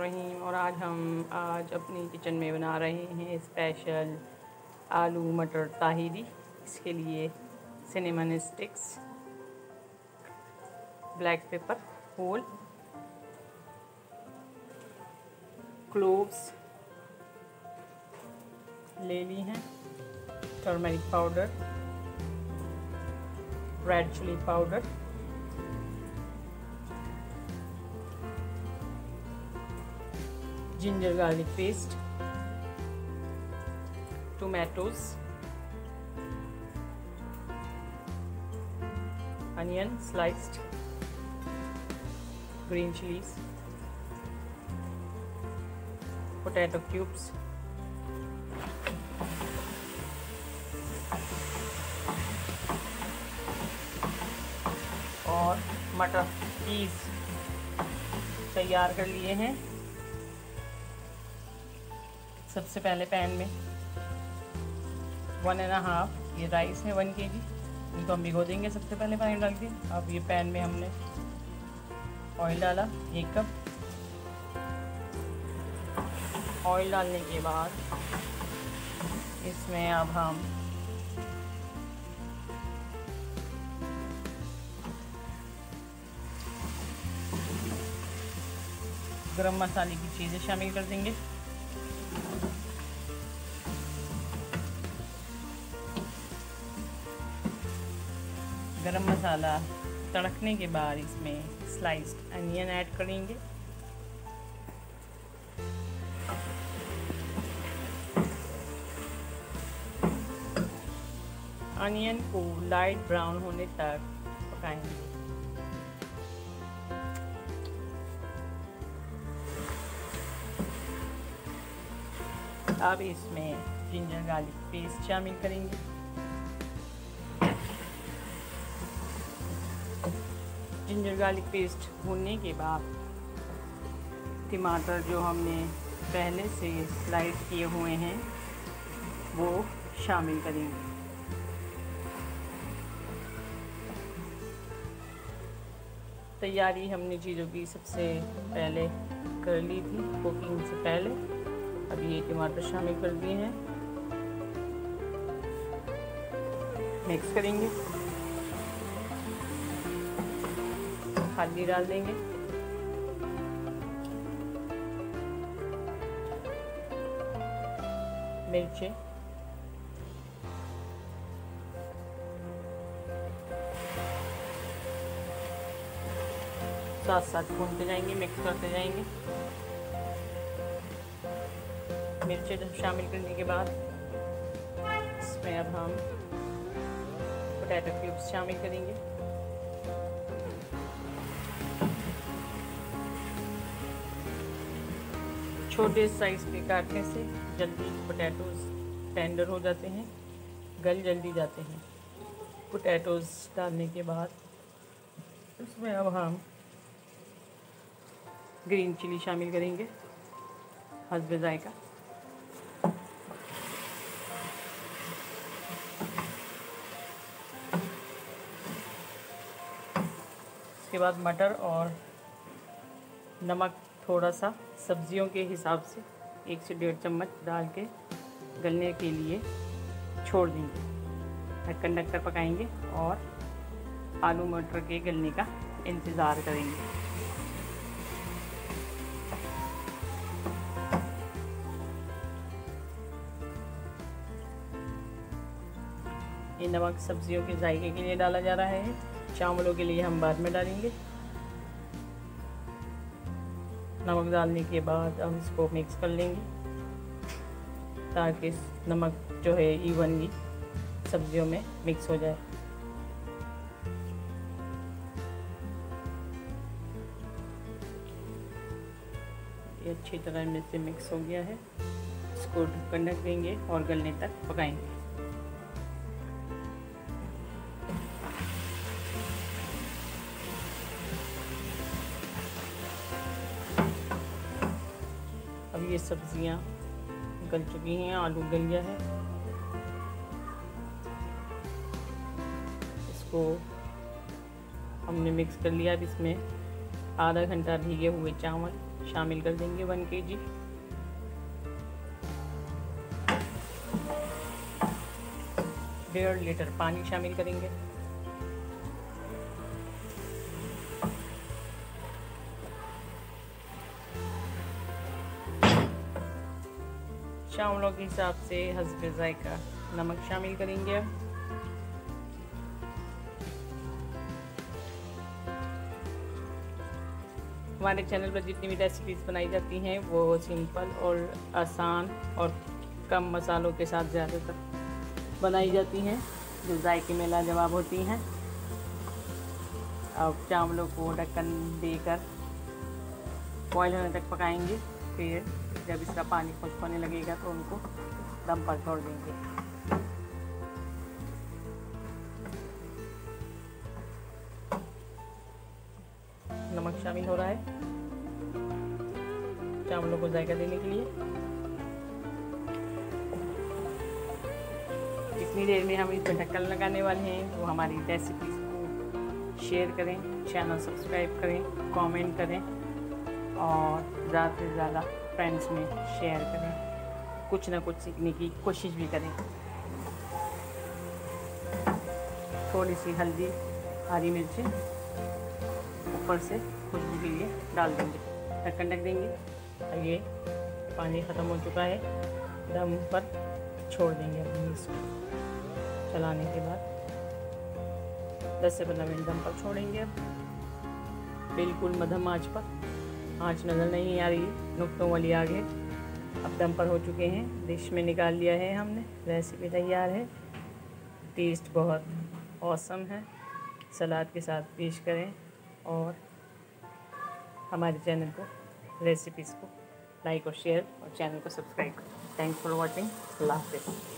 रहीम और आज हम आज अपनी किचन में बना रहे हैं स्पेशल आलू मटर ताहिरी इसके लिए cinnamon sticks black pepper whole cloves ले ली हैं turmeric powder red chilli powder ginger garlic paste tomatoes onion sliced green chillies potato cubes और मटर पीस तैयार कर लिए हैं सबसे पहले पैन में वन एंड हाफ ये राइस है वन के जी इनको हम भिगो देंगे सबसे पहले पानी डाल के अब ये पैन में हमने ऑयल डाला एक कप ऑयल डालने के बाद इसमें अब हम गरम मसाले की चीज़ें शामिल कर देंगे गरम मसाला तड़कने के बाद इसमें स्लाइस्ड अनियन ऐड करेंगे अनियन को लाइट ब्राउन होने तक पकाएंगे अब इसमें जिंजर गार्लिक पेस्ट शामिल करेंगे जिंजर गार्लिक पेस्ट भूनने के बाद टमाटर जो हमने पहले से स्लाइस किए हुए हैं वो शामिल करेंगे तैयारी हमने चीज़ों की सबसे पहले कर ली थी कुकिंग से पहले अब ये टमाटर शामिल कर दिए हैं मिक्स करेंगे खाद डाल देंगे मिर्चें साथ साथ भूनते जाएंगे मिक्स करते जाएंगे मिर्चे तो शामिल करने के बाद इसमें अब हम पोटैटो क्यूब्स शामिल करेंगे छोटे साइज के काटने से जल्दी पोटैटोज़ टेंडर हो जाते हैं गल जल्दी जाते हैं पोटैटोज़ डालने के बाद उसमें अब हम ग्रीन चिली शामिल करेंगे हसब ज़ायका उसके बाद मटर और नमक थोड़ा सा सब्जियों के हिसाब से एक से डेढ़ चम्मच डाल के गलने के लिए छोड़ देंगे ढक्कन ढककर पकाएंगे और आलू मटर के गलने का इंतज़ार करेंगे ये नमक सब्जियों के जायके के लिए डाला जा रहा है चावलों के लिए हम बाद में डालेंगे नमक डालने के बाद अब इसको मिक्स कर लेंगे ताकि नमक जो है ईवनली सब्जियों में मिक्स हो जाए ये अच्छी तरह में से मिक्स हो गया है इसको ढक्कन ढक देंगे और गलने तक पकाएंगे ये सब्ज़ियाँ गल चुकी हैं आलू गल गया है इसको हमने मिक्स कर लिया अब इसमें आधा घंटा भीगे हुए चावल शामिल कर देंगे वन के जी डेढ़ लीटर पानी शामिल करेंगे चावलों अच्छा के हिसाब से हसब ज़ायका नमक शामिल करेंगे हमारे चैनल पर जितनी भी रेसिपीज़ बनाई जाती हैं वो सिंपल और आसान और कम मसालों के साथ ज़्यादातर बनाई जाती हैं जो जायके में लाजवाब होती हैं अब चावलों को ढक्कन देकर बॉयल होने तक पकाएंगे फिर जब इसका पानी पकने लगेगा तो उनको दम पर छोड़ देंगे नमक शामिल हो रहा है चावलों को जायका देने के लिए इतनी देर में हम इस पर ढक्कन लगाने वाले हैं तो हमारी रेसिपीज को शेयर करें चैनल सब्सक्राइब करें कमेंट करें और ज़्यादा से ज़्यादा फ्रेंड्स में शेयर करें कुछ ना कुछ सीखने की कोशिश भी करें थोड़ी सी हल्दी हरी मिर्ची ऊपर से खुशबू के लिए डाल देंगे ढक्कन ढक देंगे और ये पानी ख़त्म हो चुका है दम पर छोड़ देंगे अपनी इसको चलाने के बाद 10 से 15 मिनट दम पर छोड़ेंगे अब बिल्कुल मध्यम आँच पर आँच नज़र नहीं आ रही नुकतों वाली आगे अब दम पर हो चुके हैं डिश में निकाल लिया है हमने रेसिपी तैयार है टेस्ट बहुत औसम है सलाद के साथ पेश करें और हमारे चैनल को रेसिपीज़ को लाइक और शेयर और चैनल को सब्सक्राइब करें थैंक्स फॉर वॉचिंग अल्लाह